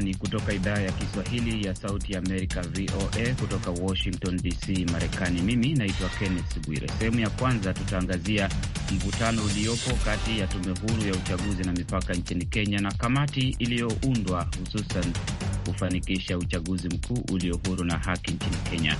Undani kutoka idhaa ya Kiswahili ya Sauti Amerika, VOA, kutoka Washington DC, Marekani. Mimi naitwa Kenneth Bwire. Sehemu ya kwanza tutaangazia mvutano uliopo kati ya tume huru ya uchaguzi na mipaka nchini Kenya na kamati iliyoundwa hususan kufanikisha uchaguzi mkuu ulio huru na haki nchini Kenya.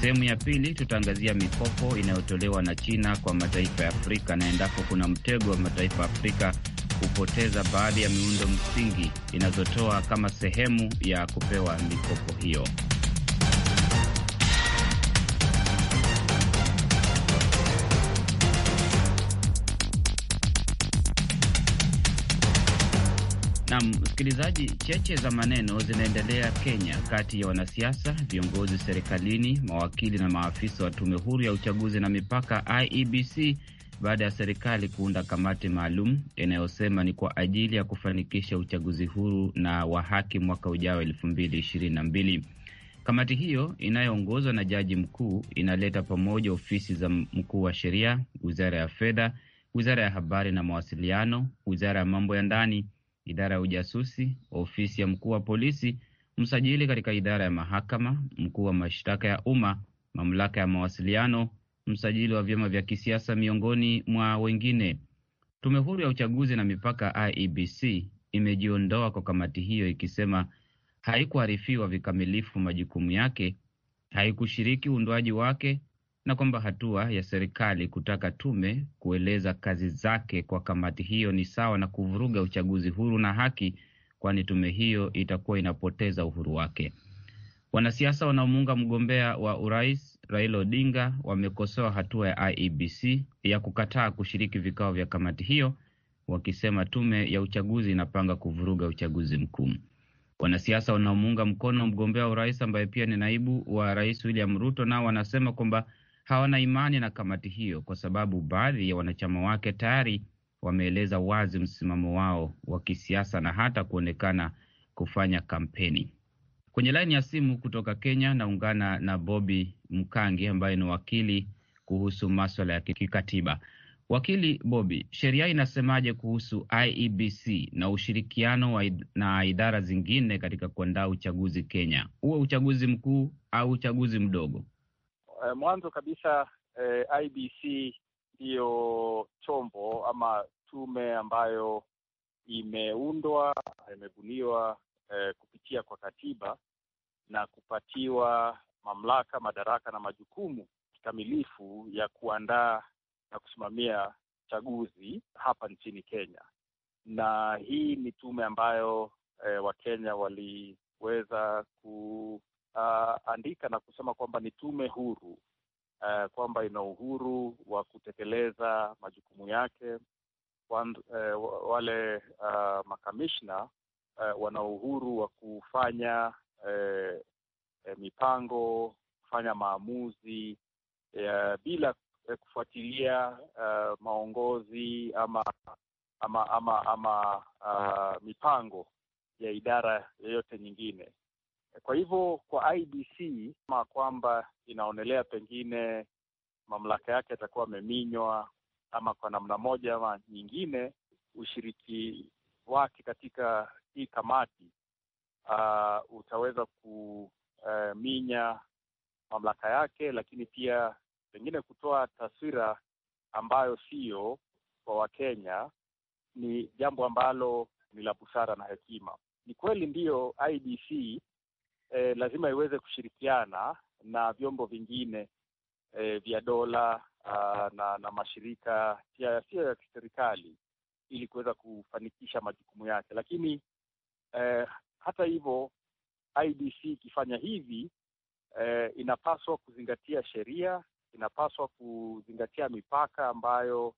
Sehemu ya pili tutaangazia mikopo inayotolewa na China kwa mataifa ya Afrika na endapo kuna mtego wa mataifa ya Afrika hupoteza baadhi ya miundo msingi inazotoa kama sehemu ya kupewa mikopo hiyo. msikilizaji, cheche za maneno zinaendelea Kenya, kati ya wanasiasa, viongozi serikalini, mawakili na maafisa wa tume huru ya uchaguzi na mipaka IEBC baada ya serikali kuunda kamati maalum inayosema ni kwa ajili ya kufanikisha uchaguzi huru na wa haki mwaka ujao elfu mbili ishirini na mbili. Kamati hiyo inayoongozwa na jaji mkuu inaleta pamoja ofisi za mkuu wa sheria, wizara ya fedha, wizara ya habari na mawasiliano, wizara ya mambo ya ndani, idara ya ujasusi, ofisi ya mkuu wa polisi, msajili katika idara ya mahakama, mkuu wa mashtaka ya umma, mamlaka ya mawasiliano msajili wa vyama vya kisiasa miongoni mwa wengine. Tume huru ya uchaguzi na mipaka IEBC imejiondoa kwa kamati hiyo ikisema haikuarifiwa vikamilifu majukumu yake, haikushiriki uundwaji wake, na kwamba hatua ya serikali kutaka tume kueleza kazi zake kwa kamati hiyo ni sawa na kuvuruga uchaguzi huru na haki, kwani tume hiyo itakuwa inapoteza uhuru wake. Wanasiasa wanaomuunga mgombea wa urais Raila Odinga wamekosoa hatua ya IEBC ya kukataa kushiriki vikao vya kamati hiyo, wakisema tume ya uchaguzi inapanga kuvuruga uchaguzi mkuu. Wanasiasa wanaomuunga mkono mgombea wa urais ambaye pia ni naibu wa rais William Ruto nao wanasema kwamba hawana imani na kamati hiyo kwa sababu baadhi ya wanachama wake tayari wameeleza wazi msimamo wao wa kisiasa na hata kuonekana kufanya kampeni. Kwenye laini ya simu kutoka Kenya naungana na Bobi Mkangi ambaye ni wakili kuhusu maswala ya kikatiba. Wakili Bobi, sheria inasemaje kuhusu IEBC na ushirikiano wa id na idara zingine katika kuandaa uchaguzi Kenya, huwe uchaguzi mkuu au uchaguzi mdogo? Eh, mwanzo kabisa eh, IEBC ndiyo chombo ama tume ambayo imeundwa imebuniwa eh, kupitia kwa katiba na kupatiwa mamlaka, madaraka na majukumu kikamilifu ya kuandaa na kusimamia chaguzi hapa nchini Kenya. Na hii ni tume ambayo eh, Wakenya waliweza kuandika ah, na kusema kwamba ni tume huru uh, kwamba ina uhuru wa kutekeleza majukumu yake. Wand, eh, wale uh, makamishna uh, wana uhuru wa kufanya uh, mipango, kufanya maamuzi uh, bila kufuatilia uh, maongozi ama ama ama, ama uh, mipango ya idara yoyote nyingine. Kwa hivyo kwa IBC ma kwamba inaonelea pengine mamlaka yake yatakuwa ameminywa ama kwa namna moja ama nyingine, ushiriki wake katika hii kamati uh, utaweza kuminya uh, mamlaka yake, lakini pia pengine kutoa taswira ambayo siyo kwa Wakenya ni jambo ambalo ni la busara na hekima. Ni kweli ndiyo, IDC eh, lazima iweze kushirikiana na vyombo vingine eh, vya dola uh, na, na mashirika yasiyo ya kiserikali ili kuweza kufanikisha majukumu yake, lakini Eh, hata hivyo IDC ikifanya hivi eh, inapaswa kuzingatia sheria, inapaswa kuzingatia mipaka ambayo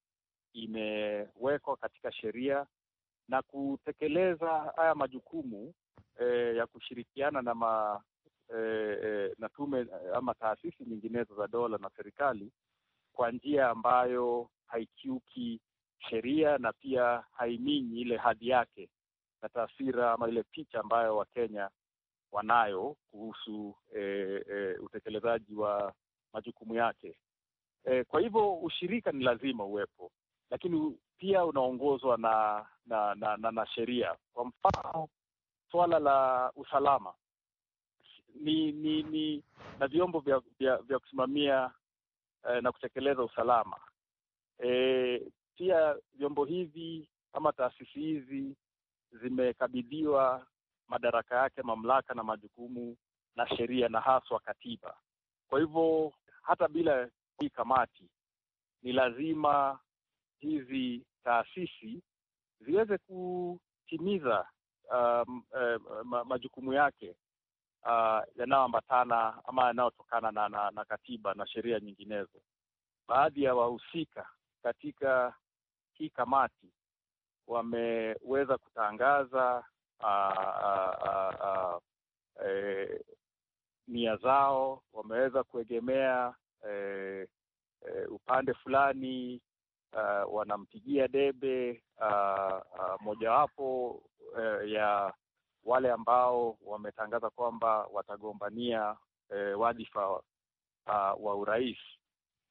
imewekwa katika sheria na kutekeleza haya majukumu eh, ya kushirikiana na ma, eh, eh na tume eh, ama taasisi nyinginezo za dola na serikali kwa njia ambayo haikiuki sheria na pia haiminyi ile hadhi yake na taswira ama ile picha ambayo Wakenya wanayo kuhusu e, e, utekelezaji wa majukumu yake. E, kwa hivyo ushirika ni lazima uwepo, lakini pia unaongozwa na na, na, na, na sheria. Kwa mfano suala la usalama ni ni ni na vyombo vya, vya, vya kusimamia eh, na kutekeleza usalama eh, pia vyombo hivi ama taasisi hizi zimekabidhiwa madaraka yake, mamlaka na majukumu na sheria na haswa katiba. Kwa hivyo hata bila hii kamati, ni lazima hizi taasisi ziweze kutimiza um, uh, majukumu yake uh, yanayoambatana ama yanayotokana na, na, na katiba na sheria nyinginezo. Baadhi ya wahusika katika hii kamati wameweza kutangaza e, nia zao, wameweza kuegemea e, e, upande fulani Uh, wanampigia debe uh, uh, mojawapo uh, ya wale ambao wametangaza kwamba watagombania uh, wadhifa uh, wa urais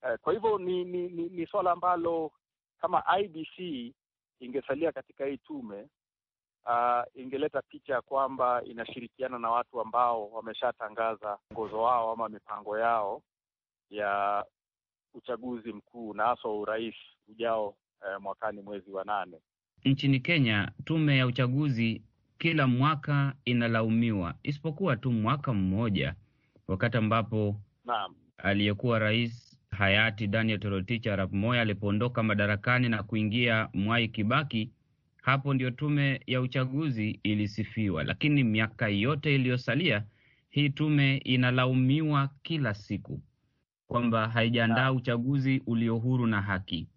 uh, kwa hivyo ni, ni, ni, ni swala ambalo kama IBC ingesalia katika hii tume uh, ingeleta picha ya kwamba inashirikiana na watu ambao wameshatangaza ngozo wao ama mipango yao ya uchaguzi mkuu na haswa urais ujao, eh, mwakani mwezi wa nane. Nchini Kenya, tume ya uchaguzi kila mwaka inalaumiwa isipokuwa tu mwaka mmoja, wakati ambapo naam, aliyekuwa rais hayati Daniel Toroitich arap Moya alipoondoka madarakani na kuingia Mwai Kibaki, hapo ndio tume ya uchaguzi ilisifiwa, lakini miaka yote iliyosalia hii tume inalaumiwa kila siku kwamba haijaandaa ah. uchaguzi ulio huru na haki.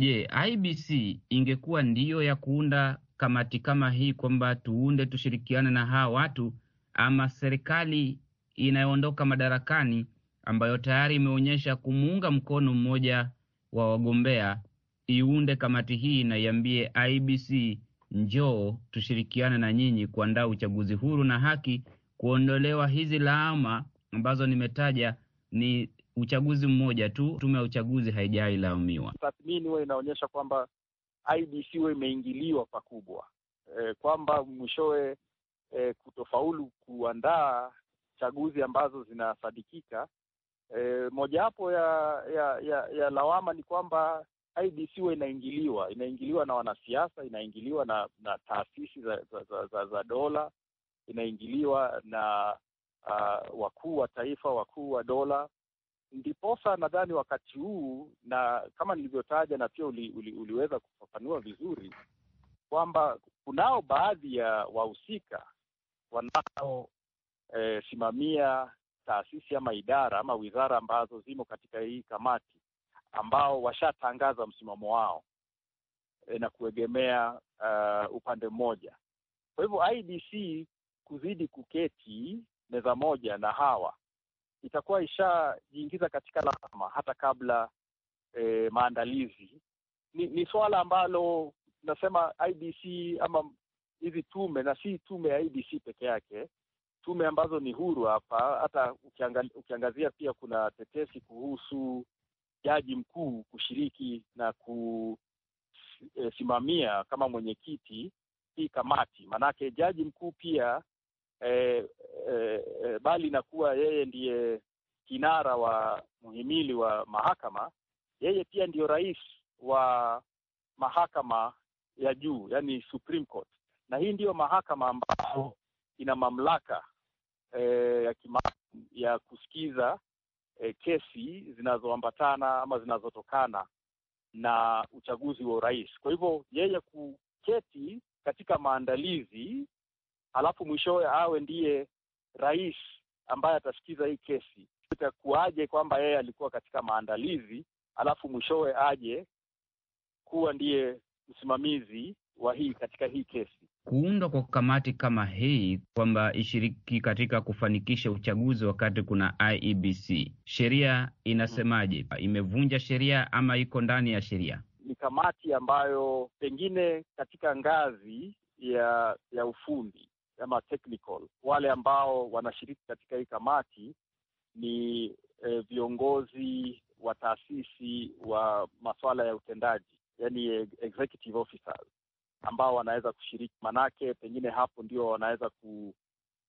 Je, IBC ingekuwa ndiyo ya kuunda kamati kama hii kwamba tuunde tushirikiane na hawa watu, ama serikali inayoondoka madarakani ambayo tayari imeonyesha kumuunga mkono mmoja wa wagombea iunde kamati hii na iambie IBC njoo tushirikiane na nyinyi kuandaa uchaguzi huru na haki, kuondolewa hizi laama ambazo nimetaja ni uchaguzi mmoja tu. Tume ya uchaguzi haijai laumiwa. Tathmini huwa inaonyesha kwamba IBC huwa imeingiliwa pakubwa, e, kwamba mwishowe e, kutofaulu kuandaa chaguzi ambazo zinasadikika E, mojawapo ya, ya ya ya lawama ni kwamba ibc huwa inaingiliwa inaingiliwa na wanasiasa, inaingiliwa na na taasisi za, za, za, za, za dola, inaingiliwa na uh, wakuu wa taifa, wakuu wa dola. Ndiposa nadhani wakati huu na kama nilivyotaja na pia uli, uli, uliweza kufafanua vizuri kwamba kunao baadhi ya wahusika wanaosimamia e, taasisi ama idara ama wizara ambazo zimo katika hii kamati ambao washatangaza msimamo wao e, na kuegemea uh, upande mmoja. Kwa hivyo IBC kuzidi kuketi meza moja na hawa itakuwa ishajiingiza katika lawama hata kabla e, maandalizi. Ni, ni swala ambalo nasema IBC ama hizi tume na si tume ya IBC peke yake tume ambazo ni huru hapa. Hata ukiangazia pia kuna tetesi kuhusu jaji mkuu kushiriki na kusimamia eh, kama mwenyekiti hii kamati, maanake jaji mkuu pia e, e, bali na kuwa yeye ndiye kinara wa muhimili wa mahakama, yeye pia ndiyo rais wa mahakama ya juu, yani Supreme Court, na hii ndiyo mahakama ambayo ina mamlaka Eh, ya kima, ya kusikiza e, kesi zinazoambatana ama zinazotokana na uchaguzi wa urais. Kwa hivyo yeye kuketi katika maandalizi halafu mwishowe awe ndiye rais ambaye atasikiza hii kesi, itakuwaje kwamba yeye alikuwa katika maandalizi halafu mwishowe aje kuwa ndiye msimamizi wa hii katika hii kesi? kuundwa kwa kamati kama hii kwamba ishiriki katika kufanikisha uchaguzi wakati kuna IEBC. Sheria inasemaje? Imevunja sheria ama iko ndani ya sheria? Ni kamati ambayo pengine katika ngazi ya ya ufundi ama technical, wale ambao wanashiriki katika hii kamati ni e, viongozi wa taasisi wa masuala ya utendaji, yani e, executive officers ambao wanaweza kushiriki, manake pengine hapo ndio wanaweza ku,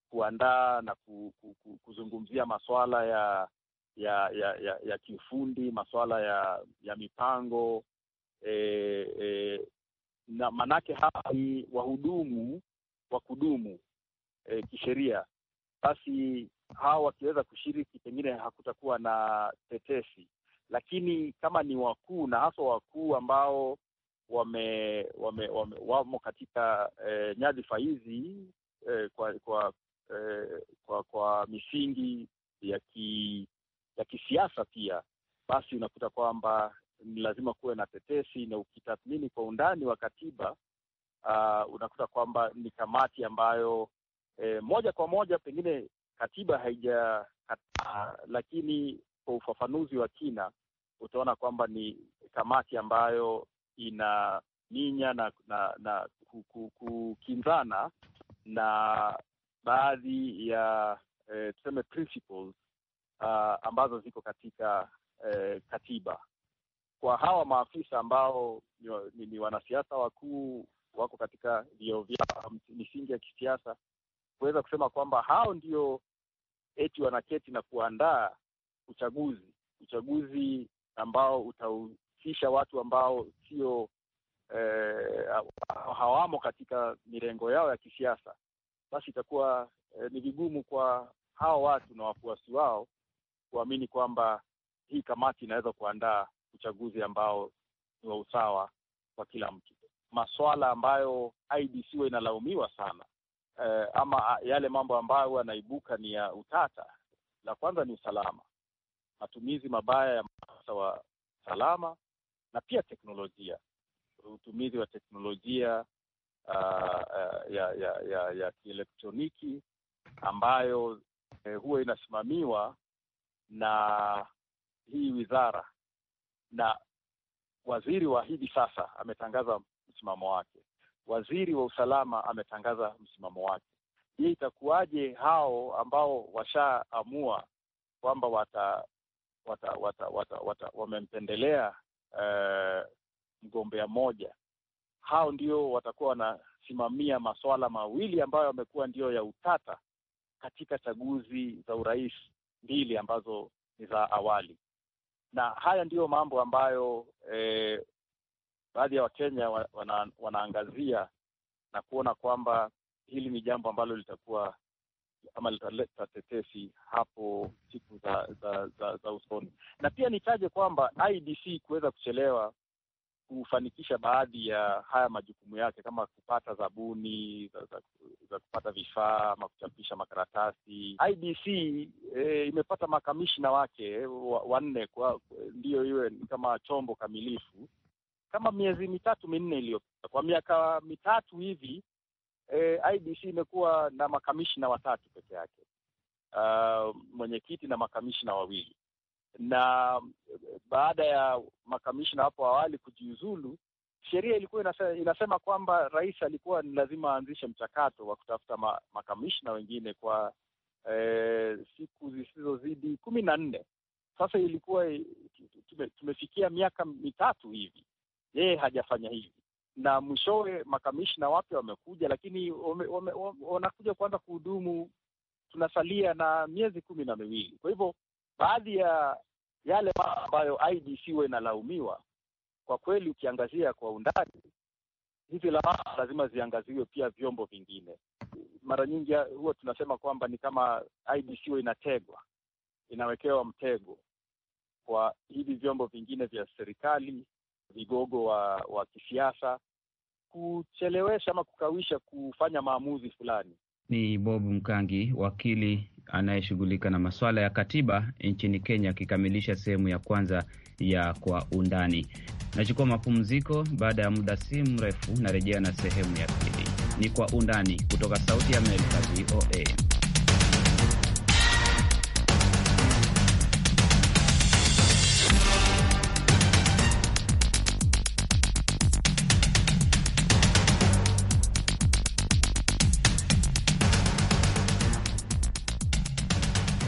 kuandaa na ku, ku, ku, kuzungumzia masuala ya ya ya ya, ya kiufundi, masuala ya ya mipango e, e, na manake hapa ni wahudumu wa kudumu e, kisheria. Basi hawa wakiweza kushiriki, pengine hakutakuwa na tetesi, lakini kama ni wakuu na haswa wakuu ambao wame, wame, wame wamo katika eh, nyadhifa hizi eh, kwa kwa, eh, kwa kwa misingi ya ki, ya kisiasa pia, basi unakuta kwamba ni lazima kuwe na tetesi, na ukitathmini kwa undani wa katiba uh, unakuta kwamba ni kamati ambayo eh, moja kwa moja pengine katiba haijakataa, lakini kwa ufafanuzi wa kina utaona kwamba ni kamati ambayo inaminya na, na, na kukinzana na baadhi ya eh, tuseme principles uh, ambazo ziko katika eh, katiba. Kwa hawa maafisa ambao ni, ni, ni wanasiasa wakuu wako katika vio vyao misingi ya kisiasa, kuweza kusema kwamba hao ndio eti wanaketi na kuandaa uchaguzi uchaguzi ambao kisha watu ambao sio eh, hawamo katika mirengo yao ya kisiasa, basi itakuwa eh, ni vigumu kwa hao watu na wafuasi wao kuamini kwamba hii kamati inaweza kuandaa uchaguzi ambao ni wa usawa kwa kila mtu. Maswala ambayo IBC huwa inalaumiwa sana eh, ama yale mambo ambayo yanaibuka ni ya utata. La kwanza ni usalama, matumizi mabaya ya maafisa wa usalama na pia teknolojia, utumizi wa teknolojia uh, uh, ya, ya, ya, ya kielektroniki ambayo eh, huwa inasimamiwa na hii wizara na waziri wa hivi sasa ametangaza msimamo wake. Waziri wa usalama ametangaza msimamo wake. Hii itakuwaje hao ambao washaamua kwamba wata, wata, wata, wata, wata, wamempendelea uh, mgombea moja. Hao ndio watakuwa wanasimamia masuala mawili ambayo yamekuwa ndio ya utata katika chaguzi za urais mbili ambazo ni za awali, na haya ndiyo mambo ambayo eh, baadhi ya Wakenya wana, wanaangazia na kuona kwamba hili ni jambo ambalo litakuwa ama litaleta tetesi hapo siku za za, za, za usoni. Na pia nitaje kwamba IDC kuweza kuchelewa kufanikisha baadhi ya haya majukumu yake kama kupata zabuni za, za, za kupata vifaa ama kuchapisha makaratasi. IDC e, imepata makamishna wake wanne wa ndiyo iwe kama chombo kamilifu kama miezi mitatu minne iliyopita. Kwa miaka mitatu hivi e, IBC imekuwa na makamishina watatu peke yake, uh, mwenyekiti na makamishina wawili, na baada ya makamishina hapo awali kujiuzulu, sheria ilikuwa inasema, inasema kwamba rais alikuwa ni lazima aanzishe mchakato wa kutafuta ma, makamishina wengine kwa e, siku zisizozidi kumi na nne. Sasa ilikuwa tume, tumefikia miaka mitatu hivi, yeye hajafanya hivi na mwishowe makamishna wapya wamekuja, lakini wanakuja kuanza kuhudumu, tunasalia na miezi kumi na miwili. Kwa hivyo baadhi ya yale ambayo IDC huwa inalaumiwa, kwa kweli ukiangazia kwa undani, hizi lawama lazima ziangaziwe pia vyombo vingine. Mara nyingi huwa tunasema kwamba ni kama IDC huwa inategwa, inawekewa mtego kwa hivi vyombo vingine vya serikali vigogo wa, wa kisiasa kuchelewesha ama kukawisha kufanya maamuzi fulani. Ni Bob Mkangi, wakili anayeshughulika na masuala ya katiba nchini Kenya, akikamilisha sehemu ya kwanza ya Kwa Undani. Nachukua mapumziko, baada ya muda si mrefu narejea na sehemu ya pili. Ni Kwa Undani kutoka Sauti ya Amerika, VOA.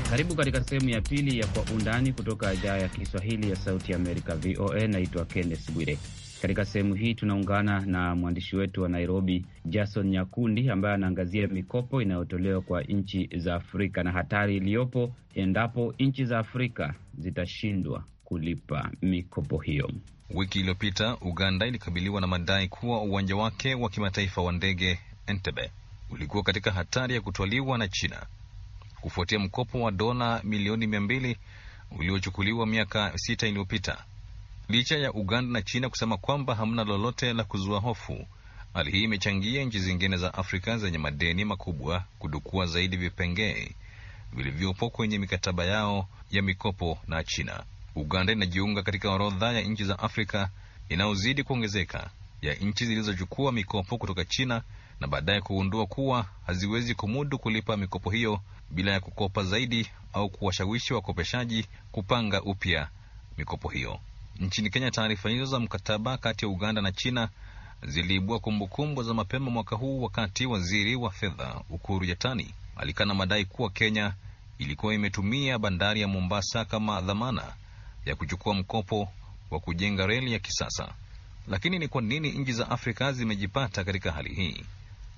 Karibu katika sehemu ya pili ya Kwa Undani kutoka idhaa ya Kiswahili ya Sauti Amerika, VOA. Naitwa Kenneth Bwire. Katika sehemu hii tunaungana na mwandishi wetu wa Nairobi, Jason Nyakundi, ambaye anaangazia mikopo inayotolewa kwa nchi za Afrika na hatari iliyopo endapo nchi za Afrika zitashindwa kulipa mikopo hiyo. Wiki iliyopita Uganda ilikabiliwa na madai kuwa uwanja wake wa kimataifa wa ndege Entebbe ulikuwa katika hatari ya kutwaliwa na China kufuatia mkopo wa dola milioni mia mbili uliochukuliwa miaka sita iliyopita. Licha ya Uganda na China kusema kwamba hamna lolote la kuzua hofu, hali hii imechangia nchi zingine za Afrika zenye madeni makubwa kudukua zaidi vipengee vilivyopo kwenye mikataba yao ya mikopo na China. Uganda inajiunga katika orodha ya nchi za Afrika inayozidi kuongezeka ya nchi zilizochukua mikopo kutoka China na baadaye kugundua kuwa haziwezi kumudu kulipa mikopo hiyo bila ya kukopa zaidi au kuwashawishi wakopeshaji kupanga upya mikopo hiyo. Nchini Kenya, taarifa hizo za mkataba kati ya Uganda na China ziliibua kumbukumbu za mapema mwaka huu, wakati waziri wa fedha Ukuru Yatani alikana madai kuwa Kenya ilikuwa imetumia bandari ya Mombasa kama dhamana ya kuchukua mkopo wa kujenga reli ya kisasa. Lakini ni kwa nini nchi za Afrika zimejipata katika hali hii?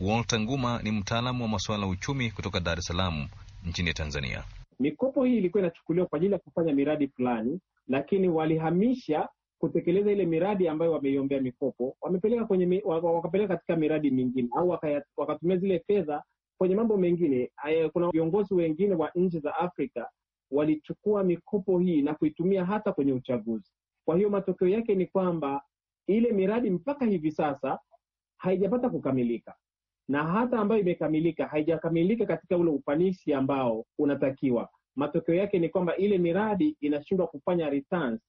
Walter Nguma ni mtaalamu wa masuala ya uchumi kutoka Dar es Salaam nchini Tanzania. Mikopo hii ilikuwa inachukuliwa kwa ajili ya kufanya miradi fulani, lakini walihamisha kutekeleza ile miradi ambayo wameiombea mikopo, wamepeleka kwenye wakapeleka katika miradi mingine, au wakatumia zile fedha kwenye mambo mengine. Kuna viongozi wengine wa nchi za Afrika walichukua mikopo hii na kuitumia hata kwenye uchaguzi. Kwa hiyo matokeo yake ni kwamba ile miradi mpaka hivi sasa haijapata kukamilika na hata ambayo imekamilika haijakamilika katika ule ufanisi ambao unatakiwa. Matokeo yake ni kwamba ile miradi inashindwa kufanya returns,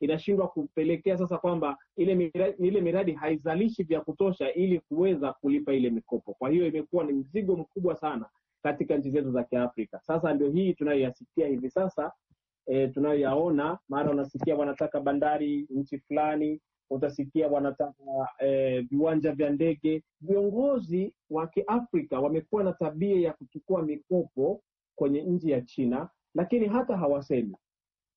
inashindwa kupelekea sasa kwamba ile miradi, ile miradi haizalishi vya kutosha ili kuweza kulipa ile mikopo. Kwa hiyo imekuwa ni mzigo mkubwa sana katika nchi zetu za Kiafrika. Sasa ndio hii tunayoyasikia hivi sasa e, tunayoyaona, mara unasikia wanataka bandari nchi fulani utasikia wanataka e, eh, viwanja vya ndege. Viongozi wa Kiafrika wamekuwa na tabia ya kuchukua mikopo kwenye nchi ya China, lakini hata hawasemi.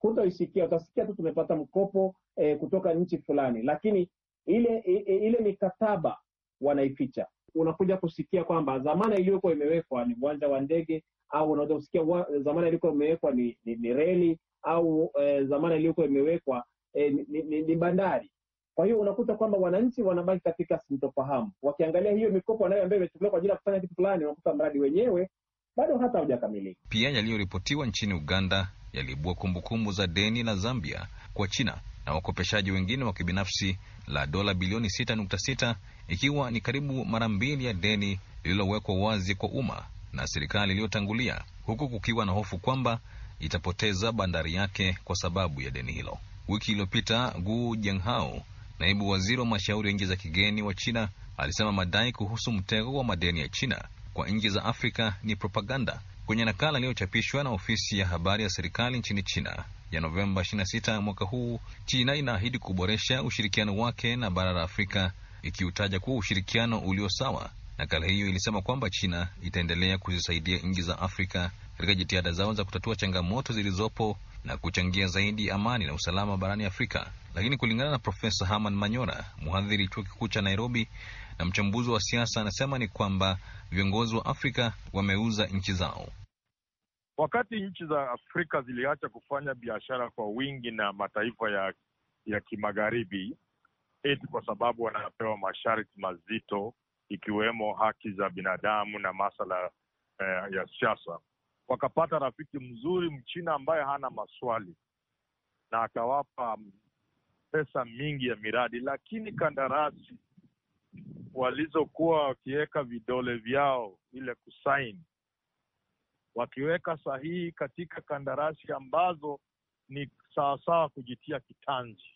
Hutaisikia, utasikia tu tumepata mkopo e, kutoka nchi fulani, lakini ile ile, ile mikataba wanaificha. Unakuja kusikia kwamba dhamana iliyokuwa imewekwa ni uwanja wa ndege, au unaweza kusikia dhamana iliyokuwa imewekwa ni, ni, ni reli au dhamana eh, e, iliyokuwa imewekwa e, ni, ni, ni bandari kwa hiyo unakuta kwamba wananchi wanabaki katika sintofahamu, wakiangalia hiyo mikopo nayo ambayo imechukuliwa kwa ajili ya kufanya kitu fulani, unakuta mradi wenyewe bado hata haujakamilika. Pia yaliyoripotiwa nchini Uganda yaliibua kumbukumbu za deni la Zambia kwa China na wakopeshaji wengine wa kibinafsi la dola bilioni 6.6 ikiwa ni karibu mara mbili ya deni lililowekwa wazi kwa umma na serikali iliyotangulia, huku kukiwa na hofu kwamba itapoteza bandari yake kwa sababu ya deni hilo. Wiki iliyopita Gu Jianghao Naibu waziri wa mashauri ya nchi za kigeni wa China alisema madai kuhusu mtego wa madeni ya China kwa nchi za Afrika ni propaganda. Kwenye nakala iliyochapishwa na ofisi ya habari ya serikali nchini China ya Novemba 26 mwaka huu, China inaahidi kuboresha ushirikiano wake na bara la Afrika, ikiutaja kuwa ushirikiano ulio sawa. Nakala hiyo ilisema kwamba China itaendelea kuzisaidia nchi za Afrika katika jitihada zao za kutatua changamoto zilizopo na kuchangia zaidi amani na usalama barani Afrika. Lakini kulingana na Profesa Herman Manyora, mhadhiri chuo kikuu cha Nairobi na mchambuzi wa siasa, anasema ni kwamba viongozi wa Afrika wameuza nchi zao. Wakati nchi za Afrika ziliacha kufanya biashara kwa wingi na mataifa ya, ya kimagharibi eti kwa sababu wanapewa masharti mazito ikiwemo haki za binadamu na masala eh, ya siasa wakapata rafiki mzuri Mchina ambaye hana maswali na akawapa um, pesa mingi ya miradi, lakini kandarasi walizokuwa wakiweka vidole vyao ile kusaini, wakiweka sahihi katika kandarasi ambazo ni sawasawa kujitia kitanzi.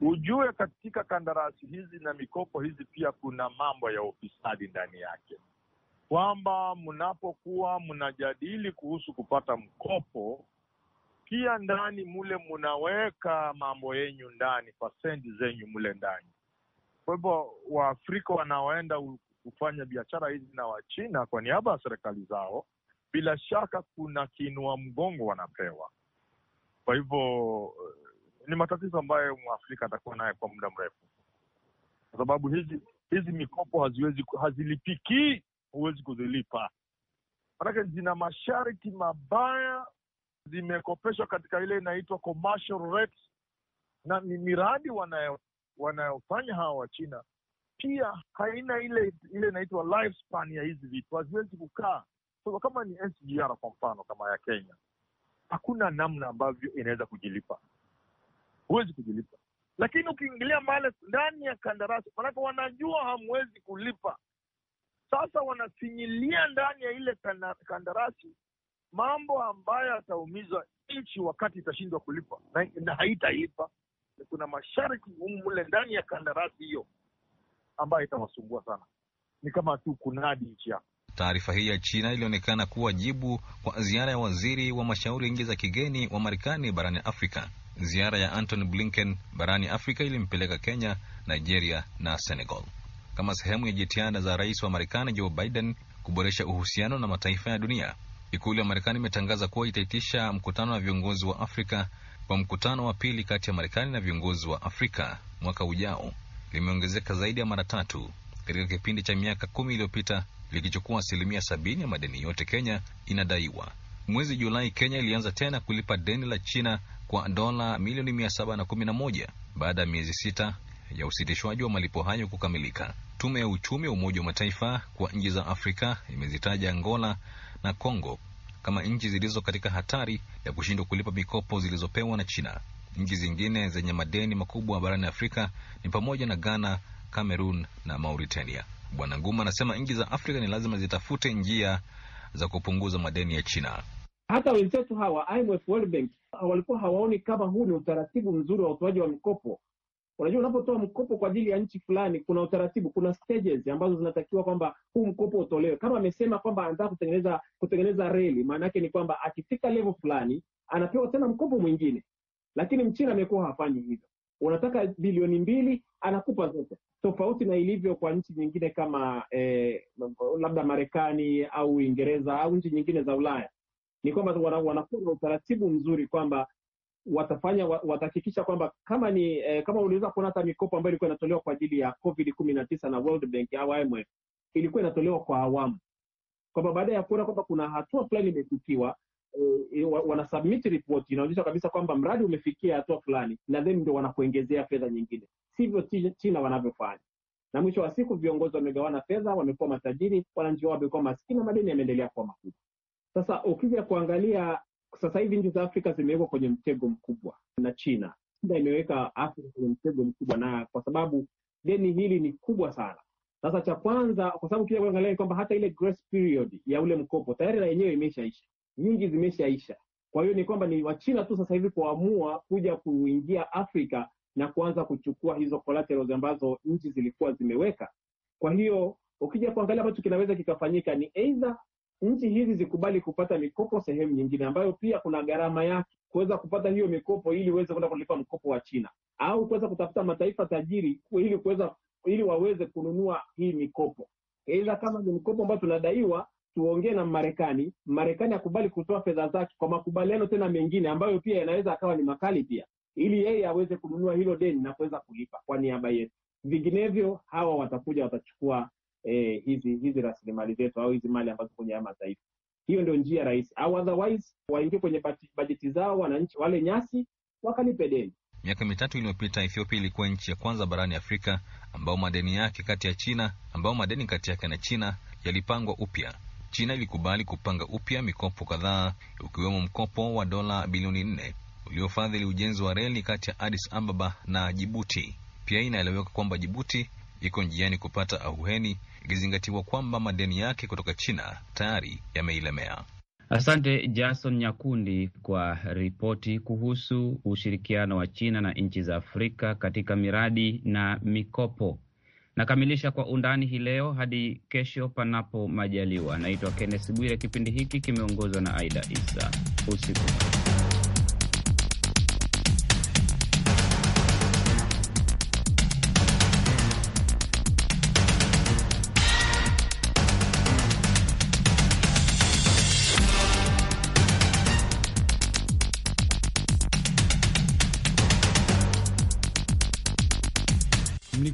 Ujue katika kandarasi hizi na mikopo hizi pia kuna mambo ya ufisadi ndani yake kwamba mnapokuwa mnajadili kuhusu kupata mkopo, pia ndani mule mnaweka mambo yenyu ndani, pasenti zenyu mule ndani. Kwa hivyo Waafrika wanaoenda kufanya biashara hizi na Wachina kwa niaba ya serikali zao, bila shaka kuna kinua mgongo wanapewa. Kwa hivyo eh, ni matatizo ambayo mwafrika atakuwa naye kwa muda mrefu, kwa sababu hizi hizi mikopo haziwezi huwezi kuzilipa, manake zina masharti mabaya, zimekopeshwa katika ile inaitwa commercial rates, na ni miradi wanayo wanayofanya hawa wa china pia haina ile ile inaitwa lifespan ya hizi vitu, haziwezi kukaa. So, kama ni SGR kwa mfano kama ya Kenya, hakuna namna ambavyo inaweza kujilipa, huwezi kujilipa. Lakini ukiingilia male ndani ya kandarasi, manake wanajua hamwezi kulipa, sasa wanafinyilia ndani ya ile kandarasi mambo ambayo yataumizwa nchi wakati itashindwa kulipa na, na haitalipa. Kuna masharti mule ndani ya kandarasi hiyo ambayo itawasumbua sana, ni kama tu kunadi nchi yako. Taarifa hii ya China ilionekana kuwa jibu kwa ziara ya waziri wa mashauri nje za kigeni wa Marekani barani Afrika. Ziara ya Antony Blinken barani Afrika ilimpeleka Kenya, Nigeria na Senegal kama sehemu ya jitihada za rais wa Marekani Joe Biden kuboresha uhusiano na mataifa ya dunia. Ikulu ya Marekani imetangaza kuwa itaitisha mkutano wa viongozi wa Afrika kwa mkutano wa pili kati ya Marekani na viongozi wa Afrika mwaka ujao limeongezeka zaidi ya mara tatu katika kipindi cha miaka kumi iliyopita likichukua asilimia sabini ya madeni yote Kenya inadaiwa. Mwezi Julai, Kenya ilianza tena kulipa deni la China kwa dola milioni mia saba na kumi na moja baada ya miezi sita ya usitishwaji wa malipo hayo kukamilika. Tume ya uchumi wa Umoja wa Mataifa kwa nchi za Afrika imezitaja Angola na Congo kama nchi zilizo katika hatari ya kushindwa kulipa mikopo zilizopewa na China. Nchi zingine zenye madeni makubwa barani Afrika ni pamoja na Ghana, Cameroon na Mauritania. Bwana Nguma anasema nchi za Afrika ni lazima zitafute njia za kupunguza madeni ya China. Hata wenzetu hawa IMF World Bank walikuwa hawaoni kama huu ni utaratibu mzuri wa utoaji wa mikopo Unajua, unapotoa mkopo kwa ajili ya nchi fulani, kuna utaratibu, kuna stages ambazo zinatakiwa kwamba huu mkopo utolewe. Kama amesema kwamba anataka kutengeneza kutengeneza reli, maana yake ni kwamba akifika level fulani anapewa tena mkopo mwingine, lakini Mchina amekuwa hafanyi hivyo. Unataka bilioni mbili anakupa zote, tofauti na ilivyo kwa nchi nyingine kama eh, labda Marekani au Uingereza au nchi nyingine za Ulaya ni kwamba wanakuwa na utaratibu mzuri kwamba watafanya watahakikisha kwamba kama ni eh, kama uliweza kuona hata mikopo ambayo ilikuwa inatolewa kwa ajili ya COVID kumi na tisa na World Bank au IMF ilikuwa inatolewa kwa awamu, kwamba baada ya kuona kwamba kuna hatua fulani imefikiwa eh, wanasubmit report inaonyesha kabisa kwamba mradi umefikia hatua fulani, na then ndio wanakuongezea fedha nyingine. Sivyo China wanavyofanya na mwisho wa siku viongozi wamegawana fedha, wamekuwa matajiri, wananchi wao wamekuwa maskini na madeni yameendelea kuwa makubwa. Sasa ukija kuangalia sasa hivi nchi za Afrika zimewekwa kwenye mtego mkubwa na China. China imeweka Afrika kwenye mtego mkubwa, na kwa sababu deni hili ni kubwa sana. Sasa cha kwanza, kwa sababu pia ni kwamba hata ile grace period ya ule mkopo tayari na yenyewe imeshaisha, nyingi zimeshaisha. Kwa hiyo ni kwamba ni Wachina tu sasa hivi kuamua kuja kuingia Afrika na kuanza kuchukua hizo collaterals ambazo nchi zilikuwa zimeweka. Kwa hiyo ukija kuangalia ambacho kinaweza kikafanyika ni either nchi hizi zikubali kupata mikopo sehemu nyingine, ambayo pia kuna gharama yake kuweza kupata hiyo mikopo, ili uweze kwenda kulipa mkopo wa China au kuweza kutafuta mataifa tajiri ili kuweza ili waweze kununua hii mikopo. Ila kama ni mkopo ambayo tunadaiwa, tuongee na Marekani, Marekani akubali kutoa fedha zake kwa makubaliano tena mengine ambayo pia yanaweza akawa ni makali pia, ili yeye aweze kununua hilo deni na kuweza kulipa kwa niaba yetu. Vinginevyo hawa watakuja watachukua eh, hizi hizi rasilimali zetu au hizi mali ambazo kwenye haya mataifa. Hiyo ndio njia rahisi, au otherwise waingie kwenye bajeti zao, wananchi wale nyasi wakalipe deni. Miaka mitatu iliyopita Ethiopia ilikuwa nchi ya kwanza barani Afrika ambao madeni yake kati ya China ambao madeni kati yake na China yalipangwa upya. China ilikubali kupanga upya mikopo kadhaa ukiwemo mkopo wa dola bilioni nne uliofadhili ujenzi wa reli kati ya Addis Ababa na Jibuti. Pia inaeleweka kwamba Jibuti iko njiani kupata ahueni ikizingatiwa kwamba madeni yake kutoka China tayari yameilemea. Asante Jason Nyakundi kwa ripoti kuhusu ushirikiano wa China na nchi za Afrika katika miradi na mikopo. Nakamilisha kwa undani hii leo hadi kesho, panapo majaliwa. Naitwa kennes Bwire. Kipindi hiki kimeongozwa na Aida Isa. Usiku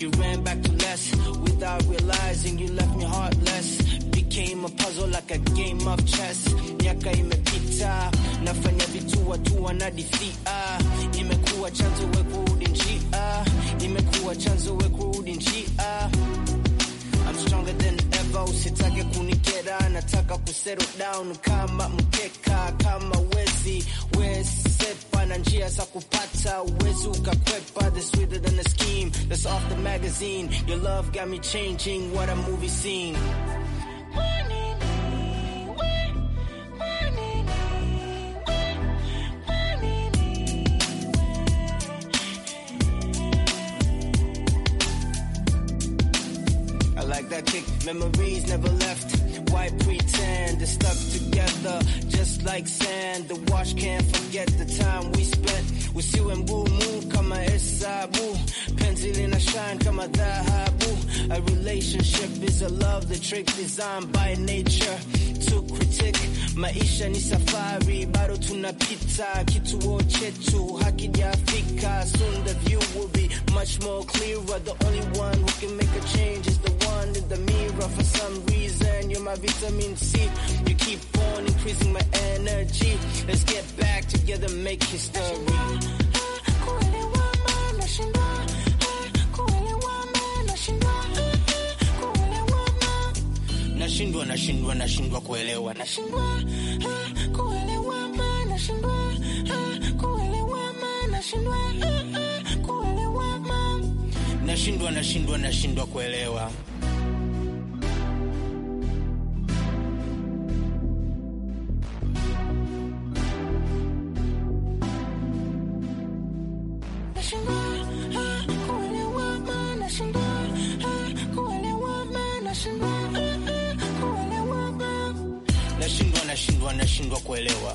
You ran back to less without realizing you left me heartless. Became a puzzle like a game of chess. Miaka imepita nafanya vitu watu wanadithia. Imekuwa chanzo we kurudi njia, imekuwa chanzo we kurudi njia I'm stronger than ever, usitake kunikera, nataka kusettle down kama mkeka, kama wezi wesepa, na njia za kupata uwezi ukakwepa, the sweeter than the scheme that's off the magazine, your love got me changing what a movie scene Memories never left. Why pretend? It's stuck together just like sand. The wash can't forget the time we spent with you and Woo Moo. Kama Esabu. Pencil in a shine. Kama Dahabu. A relationship is a love. The trick designed by nature to critique. Maisha ni safari. Bado tunapita. Kituo chetu hakijafika. Soon the view will be much more clearer. The only one who can make a change is the one front in the mirror for some reason. You're my vitamin C. You keep on increasing my energy. Let's get back together, make history. nashindwa nashindwa nashindwa kuelewa nashindwa kuelewa ma nashindwa kuelewa ma nashindwa kuelewa ma nashindwa nashindwa nashindwa kuelewa kushindwa kuelewa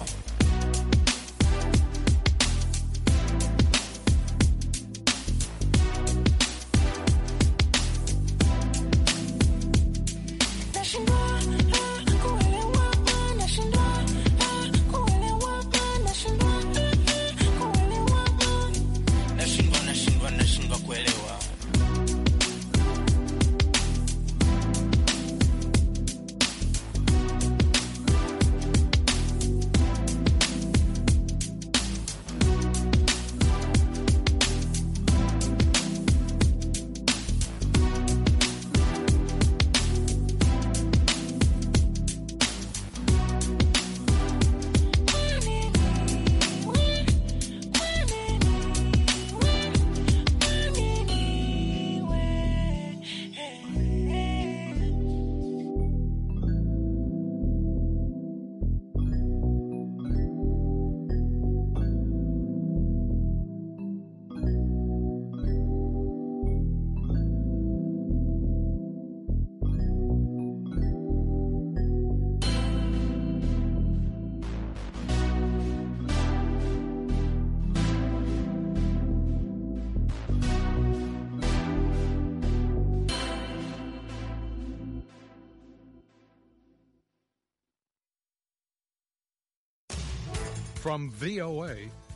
From VOA,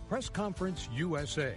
Press Conference USA.